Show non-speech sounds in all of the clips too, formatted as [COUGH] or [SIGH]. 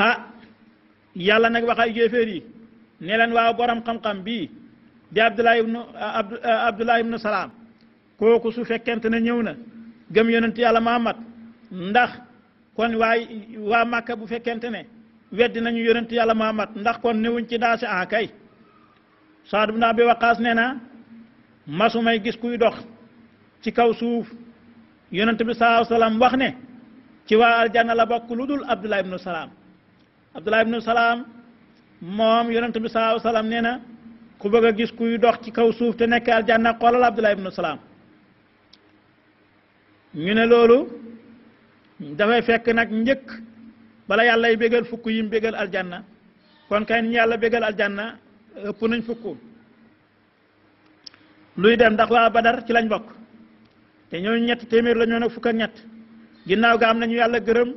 ah yàlla nag wax ay yéeféer yi ne leen waaw borom xam-xam bii di abdullah ibnu abdullah salaam kooku su fekkent ne ñëw na gëm yonent yàlla Muhammad ndax kon waay waa Màkka bu fekkente ne weddi nañu yonent yàlla Muhammad ndax kon newuñ ci daasi ah kay Saad ibn Abi Waqaas nee na masumay gis kuy dox ci kaw suuf yonent bi sallallahu alayhi wax ne ci waa aljanna la bokk lu dul abdullah ibnu salaam abdullah ibnu salaam moom yonent bi sa salaam nee na ku bëgg gis kuy dox ci kaw suuf te nekk aljanna xoolal abdullah ibnu salaam ñu ne loolu dafay fekk nag njëkk bala yàlla y bégal fukk yim bégal aljanna kon kay ni yàlla bégal aljanna ëpp nañ fukk luy dem ndax waa badar ci lañ bokk te ñooñu ñett téeméer la ñoo nag fukk ak ñett ginnaaw ga am nañu yàlla gërëm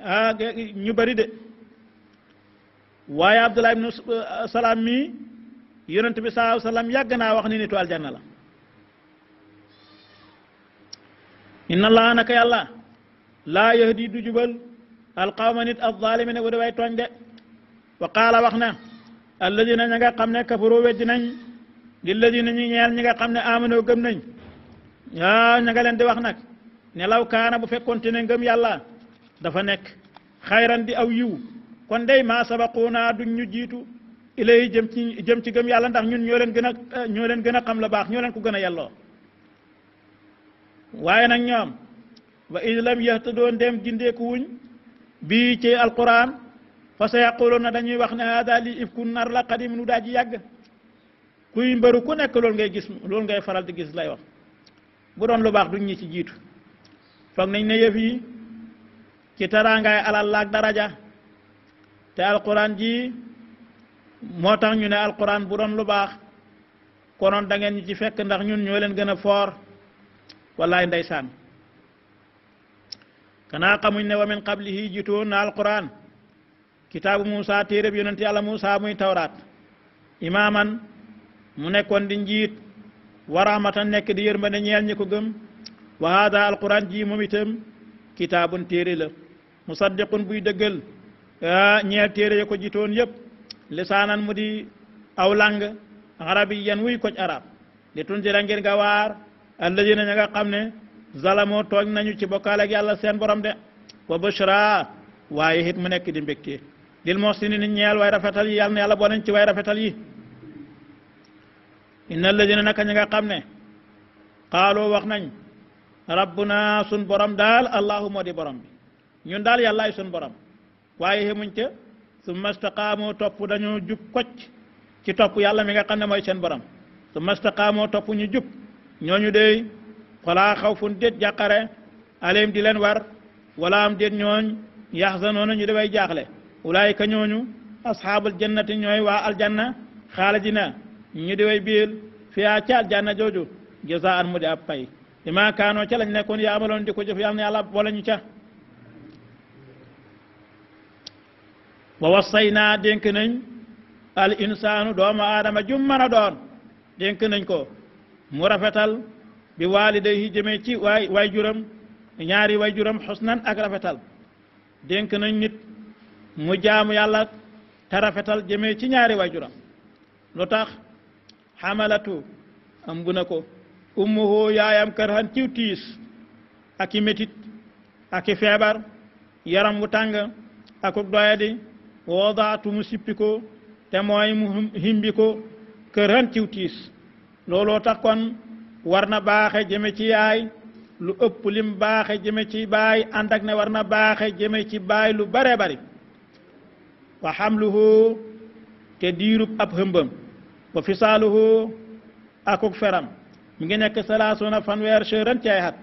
ah, ñu bari de waaye abdullah ibnu salaam mi yonent bi sa salaam yàgg naa wax ni nitu aljanna la inna allah naka yàlla laa yahdi du jubal alqawma nit alzalimina wa way tooñ de wa qaala wax na alladina na nga xam ne kafaru weddi nañ lilladina ñi ñeel ñi nga xam ne amano gëm nañ waaw ña nga leen di wax nag ne law kaana bu fekkonte ne ngëm yàlla dafa nekk xayran di aw yiw kon day maa naa duñ ñu jiitu ilay jëm ci jëm ci gëm yàlla ndax ñun ñoo leen gën a ñoo leen gën a xam la baax ñoo leen ko gën a yelloo waaye nag ñoom wa id lam yahtadoo ndem gindeeku wuñ bii ci alquran fa sa yaquluuna dañuy wax ne hada li ifkun nar la qadim nu daa ji yàgg kuy mbëru ku nekk loolu ngay gis loolu ngay faral di gis lay wax bu doon lu baax duñ ñi ci jiitu foog nañ ne yëf yi ci taraangaay alal laak daraja te alquran ji motax ñu ne alquran bu doon lu baax konon da ngeen ñu ci fekk ndax ñun ñoo leen gën a foor ne wa min qablihi jitu na alquran musa Moussa bi yonent yàlla Musa muy tawrat imaman mu nekkoon di njiit waraamata nekk di yërmande ñeel ñi ko gëm wa hada alquran ji moom itam kitaabun téere la musaddiqun buy dëggal Ah, ñeel téere ya ko jitoon yëpp lisaanan mu di aw lang arabiyan wuy koj arab li tunzira ngir nga waar alladina ña nga xam ne zalamoo tooñ nañu ci bokkaale ak yàlla seen borom de wa bushra waaye it mu nekk di mbégte lil muhsinin ni ñeel way rafetal yi yàlla na yàlla bonañ ci way rafetal yi inna alladina naka ñi nga xam ne xaaloo wax nañ rabbuna sun borom daal allahu moo di borom bi ñun daal yàllaay sun borom waaye xemuñ ca summa staqaamoo topp dañoo jub koc ci topp yàlla mi nga xam ne mooy seen borom summa staqaamoo topp ñu jub ñooñu dey falaa xawfun déet jàqare aleem di leen war wala am déet ñooñ yaxzanoona ñu dafay jaaxle ulaayika ñooñu asxaabul jannati ñooy wa aljanna xaalidina ñu de way biir fiyaa ca aljanna jooju jazaan mu di ab pay di maa kaanoo ca lañ nekkoon yaa amaloon di ko jëf yàlla yàlla boole ñu ca wa wasay naa dénk nañ al insaanu doomu aadama jum mën doon dénk nañ ko mu rafetal bi waalidayhi jëmee ci waay waay ñaari waay juram xusnan ak rafetal dénk nañ nit mu jaamu yàlla te rafetal jëmee ci ñaari waay loo tax xamalatu am bu ko ummuhu yaayam karhan ciw tiis ak i métit feebar yaram wu tàng akuk doyadi woodaatu mu sippi te mooy mu himbi ko këran ciw tiis looloo tax kon war na baaxe jëme ci yaay lu ëpp lim baaxe jëme ci baay ànd ne war na baaxe jeme ci baay lu bare bari wa xamluhu te diirub ab hëmbam wa fisaaluhu akuk feram mi ngi nekk salaasuna fanweer cheuran ci ay xat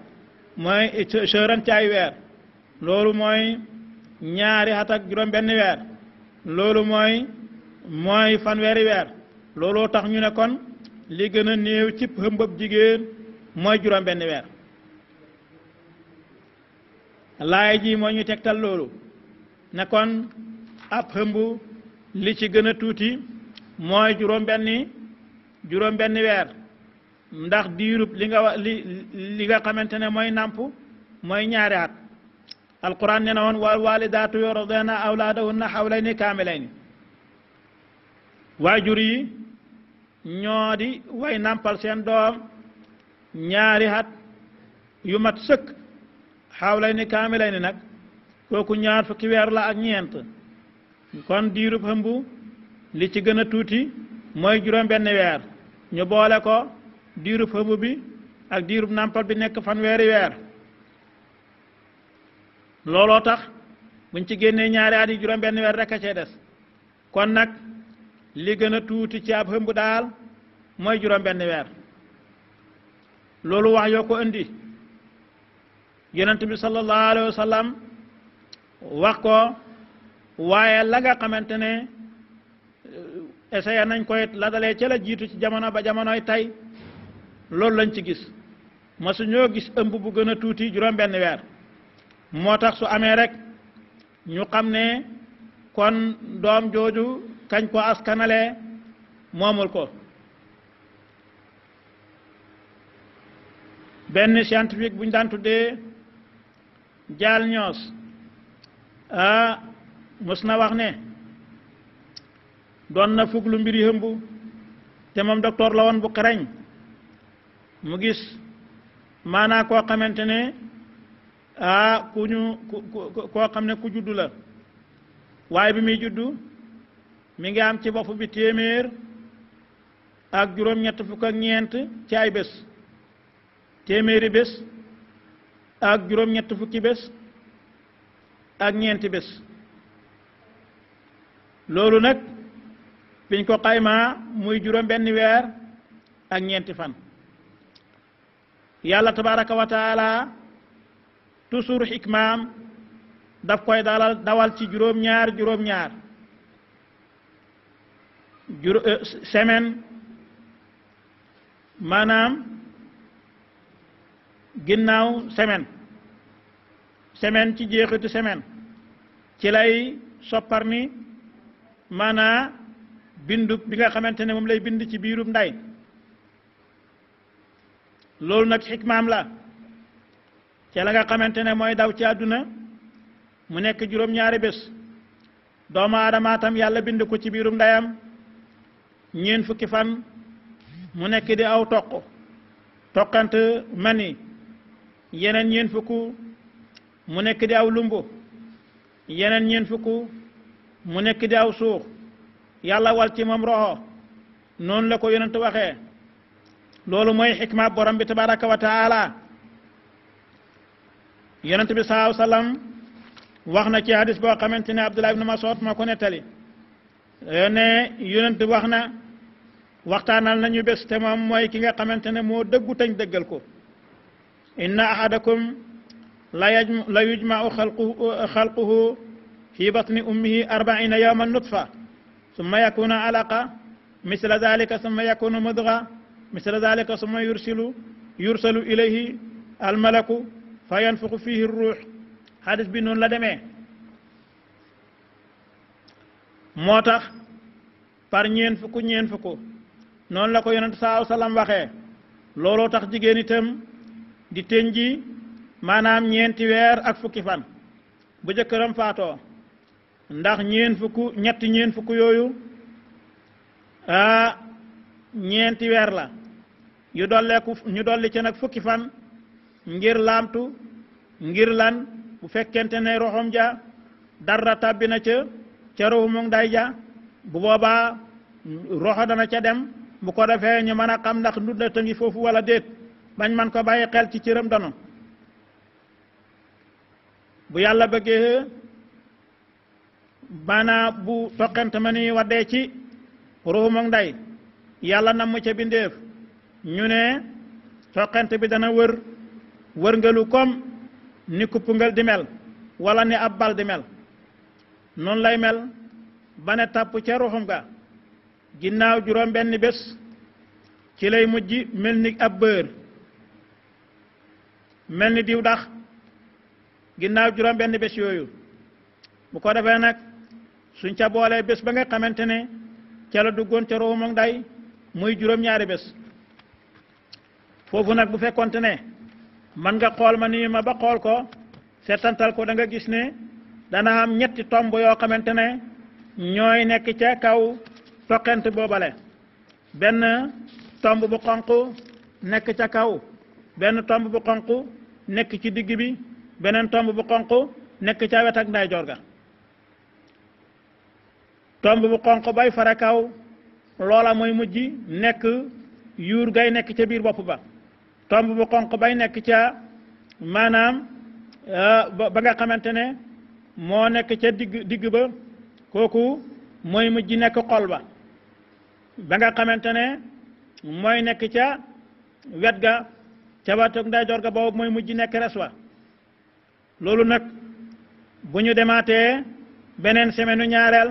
mooy cheuran ci weer loolu mooy ñaari xat ak juróom benn weer loolu mooy mooy fanweeri weer looloo tax ñu ne kon li gën a néew cib hëmbëb jigéen mooy juróom benn weer laay ji moo ñu tegtal loolu ne kon ab hëmb li ci gën a tuuti mooy juróom benni juróom benni weer ndax diirub li nga li li nga xamante ne mooy nàmp mooy ñaari at alquran nee na woon wal walidaatu yurdi'na awlaadahunna hawlayni kaamilayni waajur yi ñoo di way nàmpal seen doom ñaari at yu mat sëkk hawlayni kaamilayni nag kooku ñaar fukki weer la ak ñeent kon diirub hëmb li ci gën a tuuti mooy juróom benn weer ñu boole ko diirub hëmb bi ak diirub nampal bi nekk fanweeri weer looloo tax buñ ci génnee ñaari at yi juróom benn weer rek a cee des kon nag li gën a tuuti ci ab hëmb daal mooy juróom benn weer loolu wax yoo ko indi yonent bi sallallahu alayhi wa sallam wax ko waaye laga nga xamante ne eh, essayé nañ koy la dalee jiitu ci jamono ba jamonoy tey loolu lañ ci gis masu ñoo gis ëmb bu gën a tuuti juróom benn weer moo tax su amee rek ñu xam ne kon doom jooju kañ ko askanale moomul ko benn scientifique bu ñu daan tuddee jaal ñoos ah mos na wax ne doon na fuglu mbir yi te moom docteur la bu xarañ mu gis maanaa koo xamante ne ah ku ñu koo xam ne ku juddu la waaye bi muy juddu mi ngi am ci bopp bi téeméer ak juróom-ñett fukk ak ñeent ci bés téeméeri bés ak juróom-ñett fukki bés ak ñeenti bés loolu nag biñ ko xaymaa muy juróom benn weer ak ñeenti fan yàlla tabaraka wa toujours xikmaam daf koy dalal dawal ci juróom-ñaar juróom-ñaar euh, semaine maanaam ginnaaw semaine semaine ci jeexitu semaine ci lay soppar ni maanaa bindu bi nga xamante ne moom lay bind ci biirub nday loolu nag xikmaam la ci la nga xamante ne mooy daw ci àdduna mu nekk juróom-ñaari bés doomu aadama tam yàlla bind ko ci biirum ndeyam ñeen fukki fan mu nekk di aw toq toqant mani yeneen ñeen fukku mu nekk di aw lumbo yeneen ñeen fukku mu nekk di aw suux yàlla wal ci moom roxo noonu la ko yonent waxee loolu mooy xikma borom bi tabaraka wa taala yonent bi salaahu salaam wax na ci hadis boo xamante ne Abdullah ibn Mas'ud moo ko nettali ne yonent wax na waxtaanal nañu bés te moom mooy ki nga xamante ne moo dëggu tañ dëggal ko inna ahadakum la yajma la yujmau xalquhu xalquhu fi batni ummihi arbaina yawman nutfa summa yakuna alaqa misla dalika summa yakuna mudga misla dalika summa yursilu yursalu ilayhi almalaku fa yanfuxu fihi ruux xadis bi noonu la demee moo tax par ñeen fukk ñeen fukk noonu la ko yonent saaw salaam waxee looloo tax jigéen itam di tëñ ji maanaam ñeenti weer ak fukki fan bu jëkkëram faato ndax ñeen fukk ñetti ñeen fukk yooyu ah ñeenti weer la yu dolleeku ñu dolli ci nag fukki fan ngir laamtu ngir lan bu fekkente ne roxom ja dara tàbbi na ca ca roxu mu ja bu boobaa roxo dana ca dem bu ko defee ñu mën a xam ndax ndunda ta ngi foofu wala déet bañ man ko bàyyi xel ci cëram danu bu yàlla bëggee maanaam bu toqent ma ni waddee ci ruuxu moom day yàlla nam mu ca bindeef ñu ne toqent bi dana wër wërngalu kom ni kuppungal di mel wala ni ab bal di mel noonu lay mel ba ne tàpp ca ruxum ga ginnaaw juróom benn bés ci lay mujj mel ni ab bër mel ni diw dax ginnaaw juróom benn bés yooyu bu ko defee nag suñ ca boolee bés ba nga xamante ne cala duggoon ca ruxum ak day muy juróom-ñaari bés foofu nag bu fekkonte ne man nga xool ma nii ma ba xool ko seetantal ko da nga gis ne dana am ñetti tomb yoo xamante ne ñooy nekk ca kaw toqent boobale benn tomb bu xonq nekk ca kaw benn tomb bu xonq nekk ci digg bi beneen tomb bu xonq nekk ca wet ak ndeyjoor ga tomb bu xonq bay fara kaw loola mooy mujj nekk yuur gay nekk ca biir bopp ba tomb bu xonq bay nekk ca maanaam euh, ba nga xamante ne moo nekk ca digg digg ba kooku mooy mujj nekk xol ba ba nga xamante ne mooy nekk ca wet ga ca watoog ndeyjoor ga boobu mooy mujj nekk res wa loolu nag bu ñu demaate beneen semaine ñaareel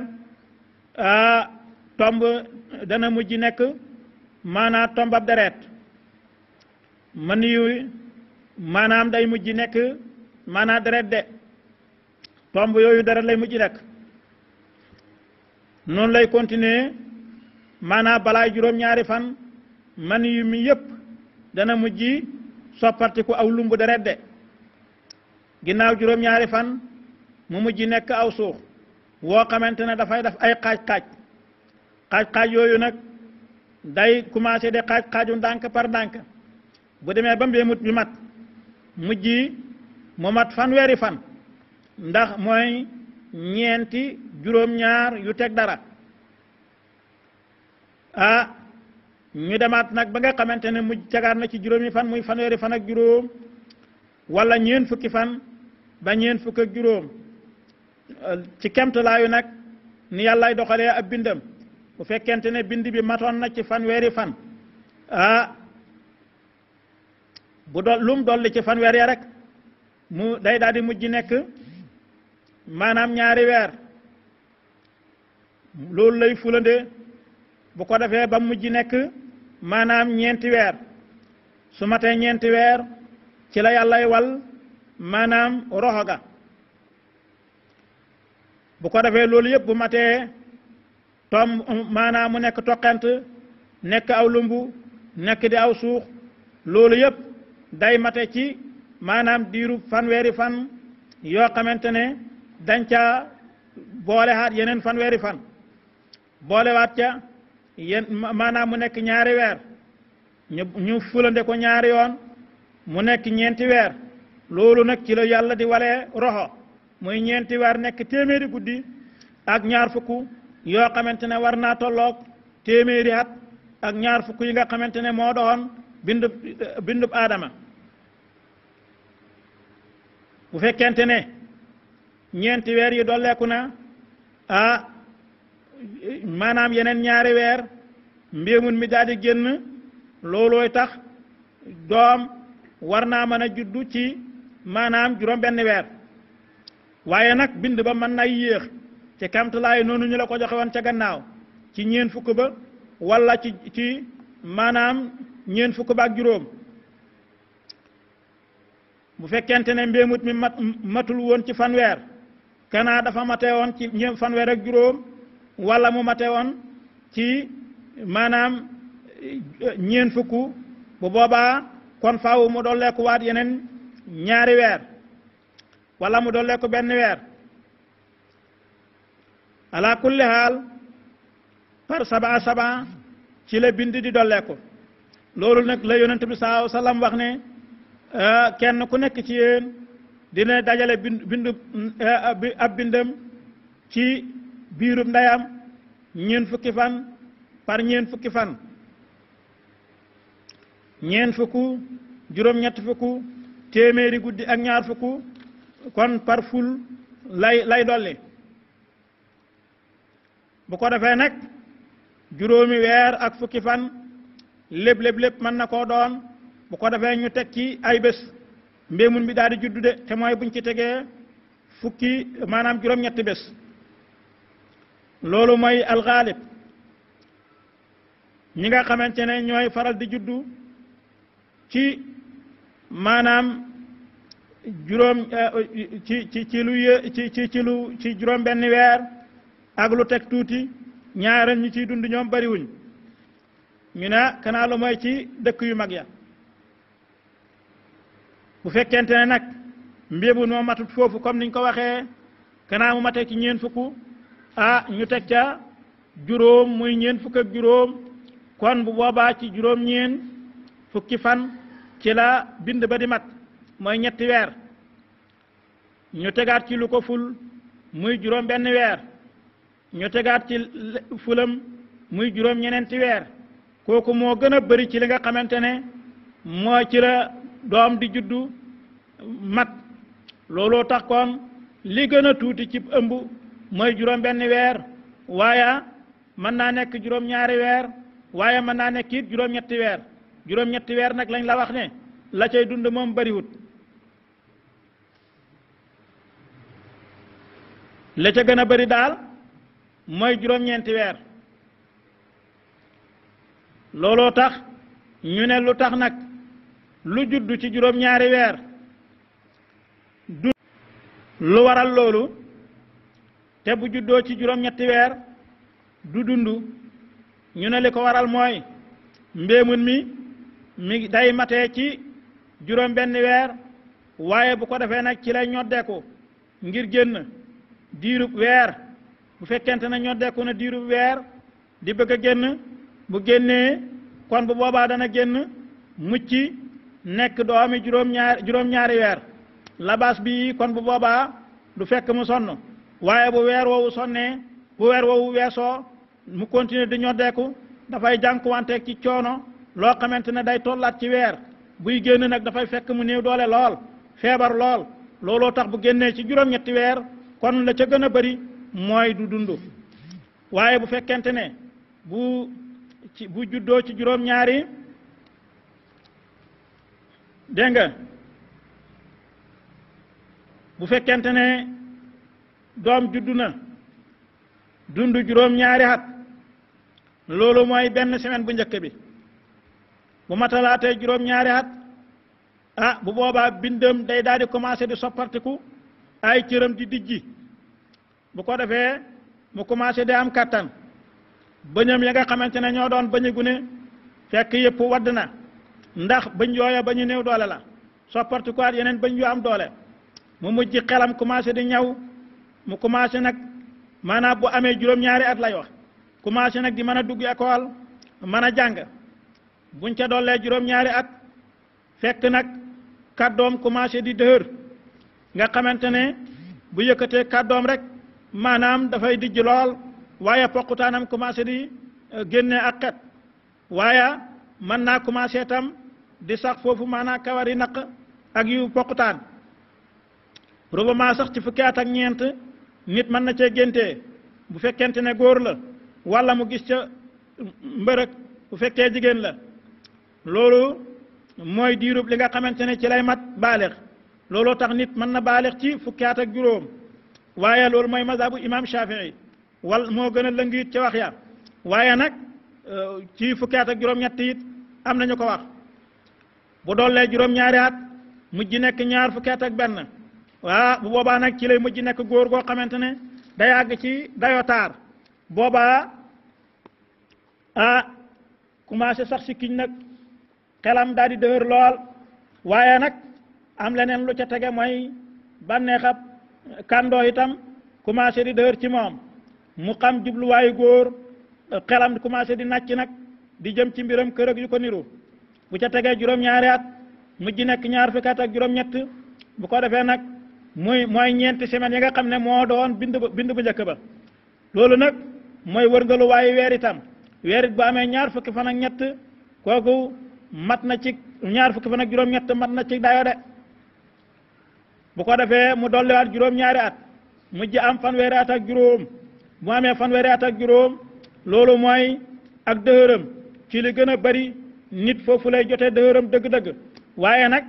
euh, tomb dana mujj nekk maanaa tomb ab deret man yu maanaam day mujj nekk maanaam deret de tomb yooyu deret lay mujj nekk noonu lay continuer maanaam balaa juróom-ñaari fan man yu mi yëpp dana mujj soppartiku aw lumbu deret de ginnaaw juróom-ñaari fan mu mujj nekk aw suux woo xamante ne dafay def ay xaaj-xaaj xaaj-xaaj yooyu nag day commencé de xaaj-xaaju ndànk par ndànk bu demee ba mbee mut bi mat mujji mu mat fanweeri fan ndax mooy ñeenti juróom-ñaar yu teg dara ah ñu demaat nag ba nga xamante ne mujj tegaat na ci juróomi fan muy fanweeri fan ak juróom wala ñeen fukki fan ba ñeen fukk ak juróom ci kemtalaayu nag ni yàllaay doxalee ab bindam bu fekkente ne bind bi matoon na ci fanweeri fan ah bu do lum dolli ci fan weer ya rek mu day daal di mujj nekk maanaam ñaari weer loolu lay fulande bu ko defee ba mujj nekk maanaam ñeenti weer su matee ñeenti weer ci la yàllay wal maanaam roxo ga bu ko defee loolu yëpp bu matee tom maanaam mu nekk toqent nekk aw lumbu nekk di aw suux loolu yëpp day mate ci maanaam diiru fanweeri fan yoo xamante ne dañ caa boole haat yeneen fanweeri fan boole waat ca yéen mu nekk ñaari weer ñu ñu fulande ko ñaari yoon mu nekk ñeenti weer loolu nag ci la yàlla di wale roxo muy ñeenti weer nekk téeméeri guddi ak ñaar fukk yoo xamante ne war naa tolloog téeméeri ak ñaar fukk yi nga xamante ne moo doon bindub bindub bu fekkente ne ñeenti weer yi dolleeku na a maanaam yeneen ñaari weer mbéemun mi daal di génn loolooy tax doom war naa mën a juddu ci maanaam juróom benn weer waaye nag bind ba mën na yéex ci kamtalaay noonu ñu la ko joxe woon ca gannaaw ci ñeen fukk ba walla ci ci ñeent fukk ba juróom bu fekkente ne mbéemut mi mat matul woon ci fanweer kanaa dafa mate woon ci ñeent fanweer ak juróom wala mu mate woon ci maanaam ñeent fukk bu boobaa kon faaw mu dolleeku waat yeneen ñaari weer walla mu dolleeku benn weer ala kulli haal par saba saba ci la bind di dolleeku loolu nag la yonente bi saa salam wax ne ah, kenn ku nekk ci yéen dina dajale bindu ah, bi ab bindam ci biirub ndayam ñeen fukki fan par ñeen fukki fan ñeen fukku juróom ñett fukku téeméeri guddi ak ñaar fukku kon par ful lay lay dolli bu ko defee nag juróomi weer ak fukki fan lépp lépp lépp mën na ko doon bu ko defee ñu teg ci ay bés mbéemun bi daal di juddu de te mooy buñ ci tegee fukki maanaam juróom-ñetti bés loolu mooy alxaalib ñi nga xamante ne ñooy faral di juddu ci maanaam juróom eh, ci ci ci lu ci ci ci lu ci juróom benn weer ak lu teg tuuti ñaareel ñi ciy dund ñoom bariwuñ ñu ne kanaa lu mooy ci dëkk yu mag ya bu fekkente ne nag mbébun moo matut foofu comme niñ ko waxe kanaa mu mate ci ñeen fukk ah ñu teg ca juróom muy ñeen fukk juróom kon bu boobaa ci juróom ñeen fukki fan ci la bind ba di mat mooy ñetti weer ñu tegaat ci lu ko ful muy juróom benn weer ñu tegaat ci fulam muy juróom ñeneenti weer kooku moo gën a bari ci li nga xamante ne moo ci la doom di juddu mat looloo tax kon li gën a tuuti ci ëmb mooy juróom benn weer waaye mën naa nekk juróom ñaari weer waaye mën naa nekk it juróom ñetti weer juróom ñetti weer nag lañ la wax ne la cay dund moom bëriwut la ca gën a bari daal mooy juróom ñeenti weer looloo tax ñu ne lu tax nag lu judd ci juróom-ñaari weer du lu waral loolu te bu juddoo ci juróom-ñetti weer du dund ñu ne li ko waral mooy mbéemun mi mi day matee ci juróom-benni weer waaye bu ko defee nag ci lay ñoddeeku ngir génn diirub weer bu fekkente na ñoddeeku na diirub weer di bëgg a génn bu génnee kon bu boobaa dana génn mucc nekk doomi juróom-ñaar juróom-ñaari weer labaas bi kon bu boobaa du fekk mu sonn waaye bu weer woowu sonnee bu weer woowu weesoo mu continuer di ñoddeeku dafay jànkuwanteeg ci coono loo xamante ne day tollaat ci weer buy génn nag dafay fekk mu néew doole lool feebar lool looloo tax bu génnee ci juróom-ñetti weer kon la ca gën a bari mooy du dund waaye bu fekkente ne bu ci bu juddoo ci juróom-ñaari dégg nga bu fekkente ne doom juddu na dund juróom-ñaari at loolu mooy benn semaine bu njëkk bi bu matalaatee juróom-ñaari at ah bu boobaa bindam day daal di commencé di soppartiku ay cëram di dijji bu ko defee mu commencé di am kattan bañam ya nga xamantene ne ñoo doon bañu gune fekk yépp wadd na ndax bañ yooya bañu néew doole la soppartu quoi yeneen bañ yu am doole mu mujj xelam commencé di ñaw mu commencé nag maanaam bu amee juróom-ñaari at lay wax commencé nag di mën a dugg école mën a buñ ca dollee juróom-ñaari at fekk nag kàddoom commencé di dëhër nga xamante ne bu yëkkatee kàddoom rek maanaam dafay dijj lool waaye poqutaanam commencé di euh, génne ak xet waaye mën naa commencé tam di sax foofu maanaam kawar yi naq ak yu poqutaan ma sax ci fukki at ak ñeent nit mën na cee géntee bu fekkente ne góor la walla mu gis ca mbërëg bu fekkee jigéen la loolu mooy diirub li nga xamante ne ci lay mat baaleex looloo tax nit mën na baaleex ci fukki at ak juróom waaye loolu mooy mazhabu imam Shafii wal moo gën a lëng it wax ya waaye nag euh, ci fukki at ak juróom-ñett it am nañu ko wax bu doolee juróom-ñaari at mujj nekk ñaar fukki ak benn waa bu boobaa nag ci lay mujj nekk góor goo xamante ne day àgg ci dayoo taar boobaa ah commencé sax ci kiiñ nag xelam daal di dëgër lool waaye nag am leneen lu ca tege mooy bànneexab kàndoo itam commencé di dëgër ci moom mu xam jubluwaayu góor xelam commencé di nàcc nag di jëm ci mbiram kër ak yu ko niru bu ca tegee juróom-ñaari at mujj nekk ñaar fukki at ñett bu ko defee nag muy mooy ñeenti semaines yi nga xam ne moo doon bind bind bu njëkk ba loolu nag mooy wërngaluwaayu weer itam weer bu amee ñaar fukki fan ñett kooku mat na ci ñaar fukki fan ak juróom-ñett mat na ci dayo de bu ko defee mu dolliwaat juróom-ñaari at ji am fanweeri at juróom mu amee fanweeri at ak juróom loolu mooy ak dëhëram ci li gën a bari nit foofu lay jotee dëhëram dëgg-dëgg waaye nag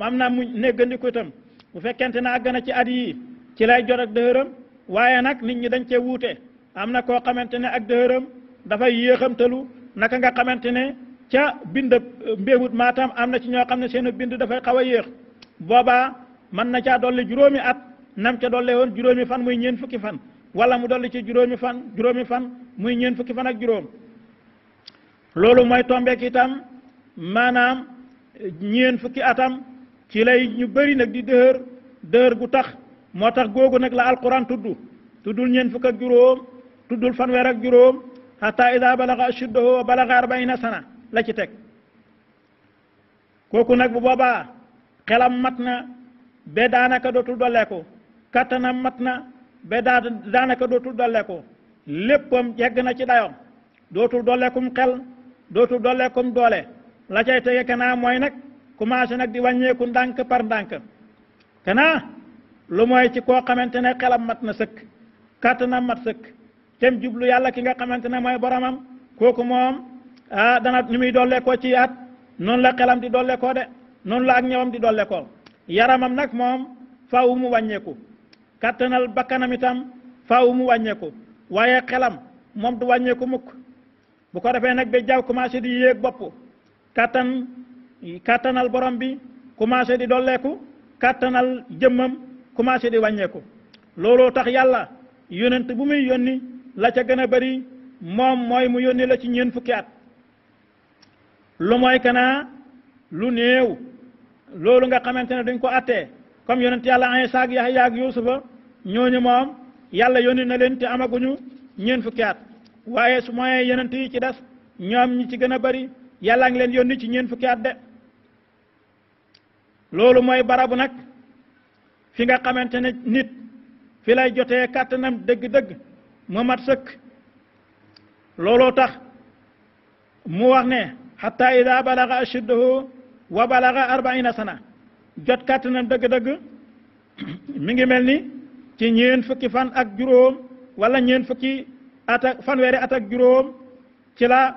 am na mu néggandiku itam bu fekkente ne àgg na ci at yii ci lay jot ak dëhëram waaye nag nit ñi dañ cee wuute am na koo xamante ne ak dëhëram dafay yéexamtalu naka nga xamante ne ca bind mbéewut maatam am na ci ñoo xam ne seen bind dafay xaw a yéex boobaa mën na caa dolli juróomi at nam ca dolle woon juróomi fan muy ñeen fukki fan wala mu dolli ci juróomi fan juróomi fan muy ñeent fukki fan ak juróom loolu mooy tombeek itam maanaam ñeent fukki atam ci lay ñu bëri nag di dëhër dëhër gu tax moo tax googu nag la alquran tudd tuddul ñeent fukk ak juróom tuddul fanweer ak juróom xata ida balaga ashuddahu wa balaga arbaina sana la ci teg kooku nag bu boobaa xelam mat na ba daanaka dootul dolleeku kattanam mat na ba daa daanaka dootul dolleeku léppam yegg na ci dayoom dootul dolleekum xel dootul dolleekum doole la cay tege kanaa mooy nag commencé nag di wàññeeku ndànk par ndànk kanaa lu mooy ci koo xamante ne xelam mat na sëkk kàttanam mat sëkk tem jublu yàlla ki nga xamante ne mooy boromam kooku moom ah dana ni muy dolle ci at noonu la kelam di dolle koo de noonu la ak ñëwam di dolle ko yaramam nag moom faaw mu wàññeeku katanal bakanam itam faaw mu waya waye xelam mom du bukara mukk bu ko defee nag ba jaaw commencé di yek bop katan katanal borom bi commencé di dolleeku kattanal jëmmam commencé di wàññeeku lolo tax yalla yonent bu muy yónni la ca gëna bari mom moy mu yónni la ci ñeen fukki at lu moy kana lu neew lolu nga xamantene duñ ko até comme yonent yalla ay ak yahya ak yusufa ñooñu moom yàlla yónni na leen te amaguñu ñeen fukki at waaye su mooy yonent yi ci des ñoom ci gën a bari yàllaa ngi leen yónni ci ñeen fukki at de loolu mooy barabu nag fi nga xamante ne nit fi lay jotee kàttanam dëgg-dëgg mu mat sëkk looloo tax mu wax ne xatta ida balaga ashiddahu wa balaga arbaina sana jot kàttanam dëgg-dëgg [CLEARS THROAT] mi ngi mel ni ci ñeen fukki fan ak juróom wala ñeen fukki at ak juróom ci la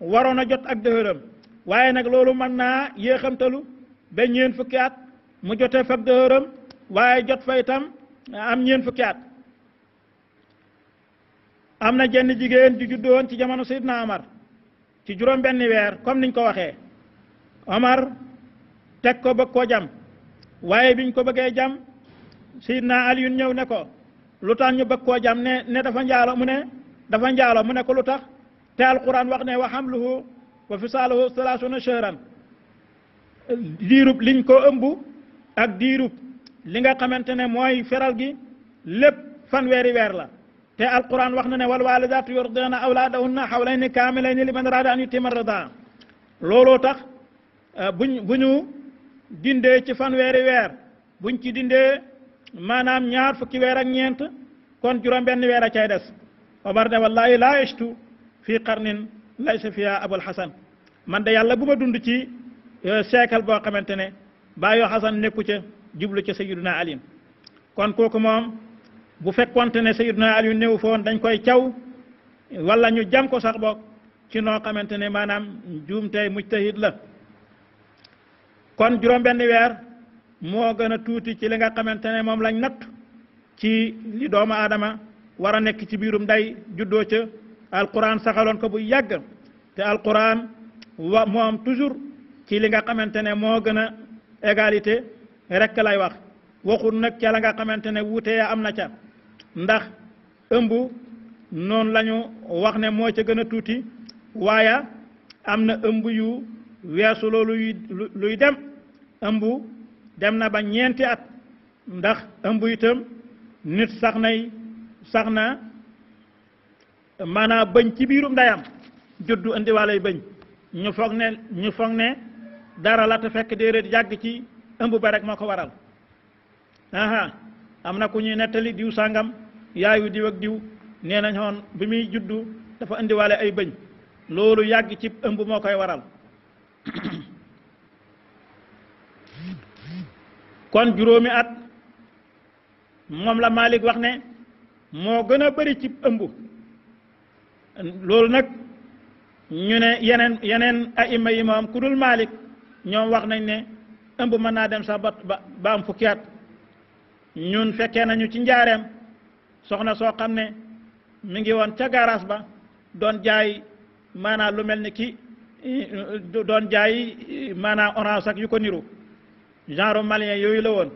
waroon a jot ak dëhëram waaye nag loolu man naa yéexamtalu ba ñeen fukki at mu jotee fab dëhëram waaye jot fa itam am ñeen fukki at am na jenn jigéen ju juddoon ci jamono Seydina Omar ci juróom benni weer comme niñ ko waxee amar teg ko bëgg ko jam waaye biñ ko bëggee jam Seydina Aliyun ñëw ne ko lu tax ñu bëgg koo jam ne ne dafa njaalo mu ne dafa njaalo mu ne ko lu tax te alquran wax ne wa hamluhu wa fisaaluhu salaasuna shahran diirub liñ ko ëmb ak diirub li nga xamante ne mooy feral gi lépp fanweeri weer la te alquran wax na ne wal waalidaatu yurdi'na awlaadahunna hawlayni kaamilayni liman araada an yutimma ridaa looloo tax eh, buñ bu dindee ci fanweeri weer buñ ci dindee maanaam ñaar fukki weer ak ñeent kon juróom benn weer a cay des wa bar ne wallahi laa yashtu fii qarnin laysa fiha abul hasan man de yàlla bu ma dund ci euh, seekal boo xamante ne ba bàyyoo hasan nekku ca jublu ca sayiduna ali kon kooku moom bu fekkonte ne sayiduna ali néew foon dañ koy caw wala ñu jam ko sax boog ci noo xamante ne maanaam juum tey mujtahid la kon juróom benn weer moo gën a tuuti ci li nga xamante ne moom lañ natt ci li doomu aadama war a nekk ci biirum nday juddoo ca alquran saxaloon ko bu yàgg te alquran wa moom toujours ci li nga xamante ne moo gën a égalité rekk lay wax waxul nag ca la nga xamante ne wuute am na ca ndax ëmb noonu lañu wax ne moo ca gën a tuuti waaye am na ëmb yu weesu loolu luy dem ëmb dem na ba ñeenti at ndax ëmb itam nit sax nay sax na maanaam bëñ ci biirum ndeyam juddu indiwaalay bëñ ñu foog ne ñu foog ne dara la te fekk déedéet yàgg ci ëmb ba rek moo ko waral aha am na ku ñuy nettali diw sàngam yaayu diw ak diw nee na ñoon bi muy juddu dafa indiwaale ay bëñ loolu yàgg ci ëmb moo koy waral [CLEARS THROAT] kon juróomi at moom la Malick wax ne moo gën a bari cib ëmb loolu nag ñu ne yeneen yeneen aima yi moom ku dul ñoom wax nañ ne ëmb mën naa dem sax ba ba am fukki at ñun fekkee nañu ci njaareem soxna soo xam ne mu ngi woon ca garaas ba doon jaay maanaam lu mel ni ki eh, doon jaay maanaam orange ak yu ko niru genre malin yooyu la woon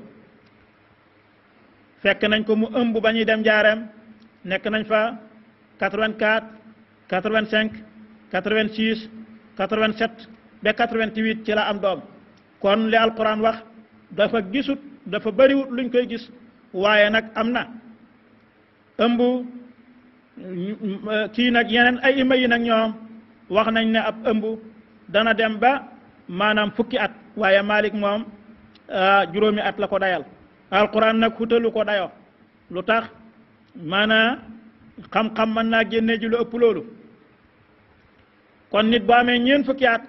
fekk nañ ko mu ëmb ba ñuy dem njaareem nekk nañ fa 84 85 86 87 ba 88 ci la am doom kon li alquran wax dafa gisut dafa bëriwut luñ koy gis waaye nag am na ëmb kii nag yeneen ay ima nag ñoom wax nañ ne ab ëmb dana dem ba maanaam fukki at waaye Malik moom juróomi at la ko dayal alquran nag xutalu ko dayo lu tax maanaa xam-xam mën naa génne ji lu ëpp loolu kon nit boo amee ñeen fukki at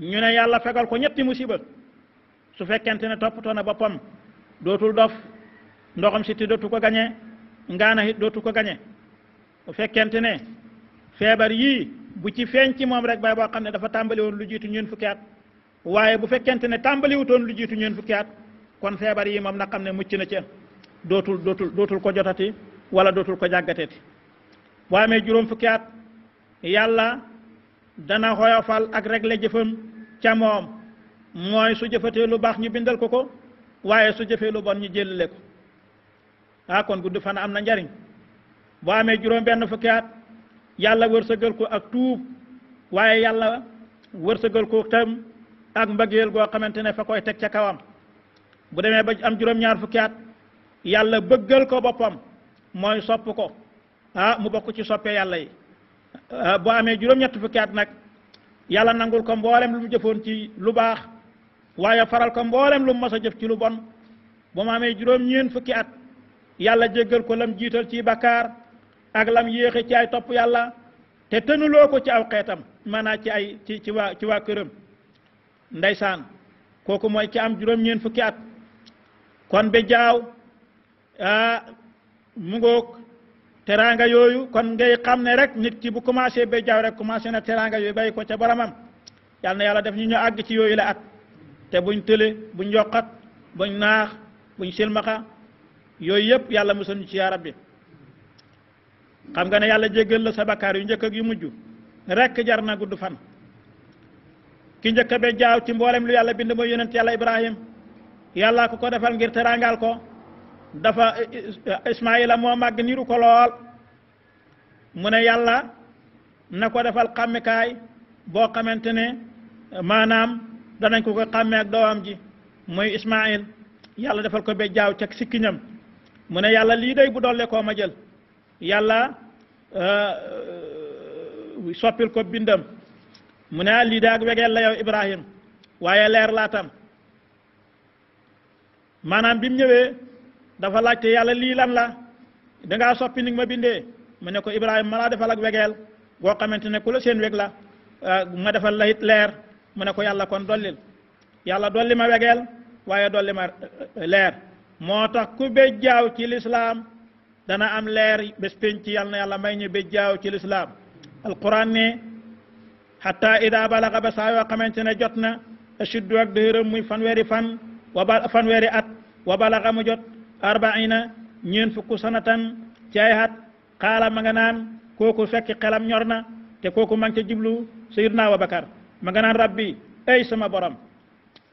ñu ne yàlla fegal ko ñetti musiba su fekkente ne toppatoo na boppam dootul dof ndoxam si ti dootu ko gañe ngaana it dootu ko gañe bu fekkente ne feebar yii bu ci feeñ ci moom rek bay boo xam ne dafa tàmbali woon lu jiitu ñeen fukki at waaye bu fekkente ne tàmbaliwutoon lu jiitu ñeent fukki kon feebar yi moom na xam ne mucc na ca dootul dootul dootul ko jotati wala dootul ko jàggateeti boo amee juróom fukki at yàlla dana xoyofal ak regle jëfam ca moom mooy su jëfatee lu baax ñu bindal ko ko waaye su jëfee lu bon ñu jëlale ko ah, kon gudd fan am na njariñ boo amee juróom benn fukki yàlla wërsëgal ko ak tuub waaye yàlla wërsëgal ko tam ak mbëggeel goo xamante ne fa koy teg ca kawam bu demee ba am juróom-ñaar fukki at yàlla bëggal ko boppam mooy sopp ko ah mu bokk ci soppee yàlla yi ah, boo amee juróom-ñett fukki at nag yàlla nangul ko mboolem lu mu jëfoon ci lu baax waaye faral ko mboolem lu mu mës a jëf ci lu bon boo mu amee juróom-ñeent fukki at yàlla jéggal ko lam jiital ci bakkaar ak lam yéexe ci ay topp yàlla te tënuloo ko ci aw xeetam maanaam ci ay ci ci waa ci waa këram ndeysaan kooku mooy ki am juróom-ñeent fukki at kon ba jaaw ah mu teraanga yooyu kon ngay xam ne rek nit ki bu commencé be jaaw rek commencé na teraanga yooyu bàyyi ko ca baramam yal na yàlla def ñu ñu àgg ci yooyu la at te buñ tële buñ yokkat buñ naax buñ silmaxa yooyu yëpp yàlla musal ci yaa rabbi xam nga ne yàlla jéggal la sa bakkaar yu njëkk ak yu mujj rek jar na gudd fan ki njëkk be jaaw ci mboolem lu yàlla bind mooy yonent yàlla ibrahim yàllaa ko ko defal ngir teraangal ko dafa ismaila moo màgg niru ko lool mune ne yàlla na ko defal xàmmikaay boo xamante ne maanaam danañ ko ko xàmmee ak doomam ji mooy ismail yàlla defal ko be jaaw ca sikkiñam mu ne yàlla lii day bu dolle koo ma jël yàlla euh, soppil ko bindam mu ne lii daag wegeel la yow ibrahim waaye leer laa tam maanaam bi mu ñëwee dafa laajte yàlla lii la dangaa soppi ni ma bindee mu ne ko ibrahima malaa defal ak wegeel goo xamante ne ku la seen weg la euh, ma defal la it leer mu ne ko yàlla kon dollil yàlla dolli ma wegeel waaye dolli ma euh, leer moo tax ku béjjaaw ci lislaam dana am leer bés ci yàlla na yàlla may jaaw ci lislaam alquran ne hatta ida balaga ba saa yoo xamante ne ak muy fan wa ba at wa balaga mu jot arbaina ñeen fukku sanatan ci hat at xaala ma nga naan kooku fekk xelam ñor te kooku ma ngi ca jiblu sayidna abubakar ma nga naan rabbi ay sama borom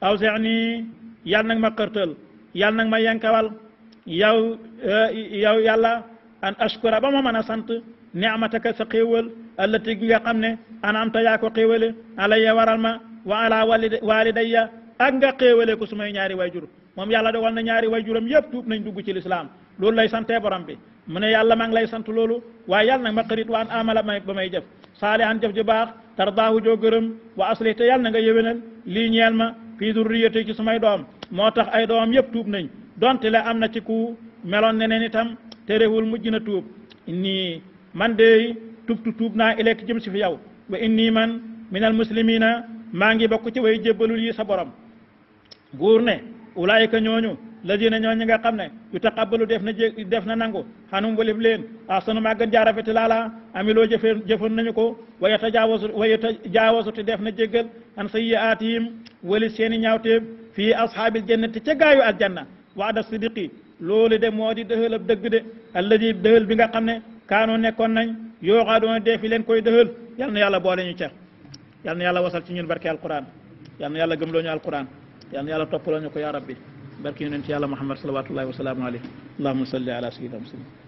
aw seexni yàlla ma xërtal eh, yàlla nag ma yankawal an ashkura ba ma mën nemataka sa xéewal allati gi nga xam ne anamta yaa ko xéewale alayya waral ma wa ala walidayya ak nga xéewale ko sumay ñaari jur moom yàlla dogal na ñaari wayjuram yëpp tuub nañ dugg ci lislaam loolu lay santee borom bi mu ne yàlla maa ngi lay sant loolu waaye yàlla nag ma xarit waan amala may ba may jëf saalihan jëf ju baax tardaahu joo gërëm wa aslih te yàlla na nga yéwénal lii ñeel ma fii durriyati ci sumay doom moo tax ay doom yëpp tuub nañ donte la am na ci ku meloon neneen itam te réewul mujj na tuub nii man de tubtu tuub naa ilekk jëm si fi yow wa inni man minal muslimina maa ngi bokk ci way jébbalul yi sa borom buur ne ulaayika ñooñu lazina ñooñu nga xam ne yu taqabbalu def na jé def na nangu xanum walif leen ahsanu maa gën jaarafeti laala amiloo jëfe jëfoon nañu ko wa yatajaawasu wa yatajaawasu te def na jéggal an sayyi'aatihim wali seeni ñaawteeb fii ashaabil jannati ca gaayu aljanna waada sidiqi loolu de moo di dëhël ab dëgg de alladi dëhël bi nga xam ne kaanu nekkoon nañ yoo xaa doona dee fi leen koy dëxal yal na yàlla boole ñu ca yal na yàlla wasal ci ñun barke alquran yal na yàlla gëmloo ñu alquran yal na yàlla toppaloo ñu ko yaa rabbi barke yonent yàlla muhammad salawatullahi wa salaamu alayhi allahumma salli ala sayyidina muhammad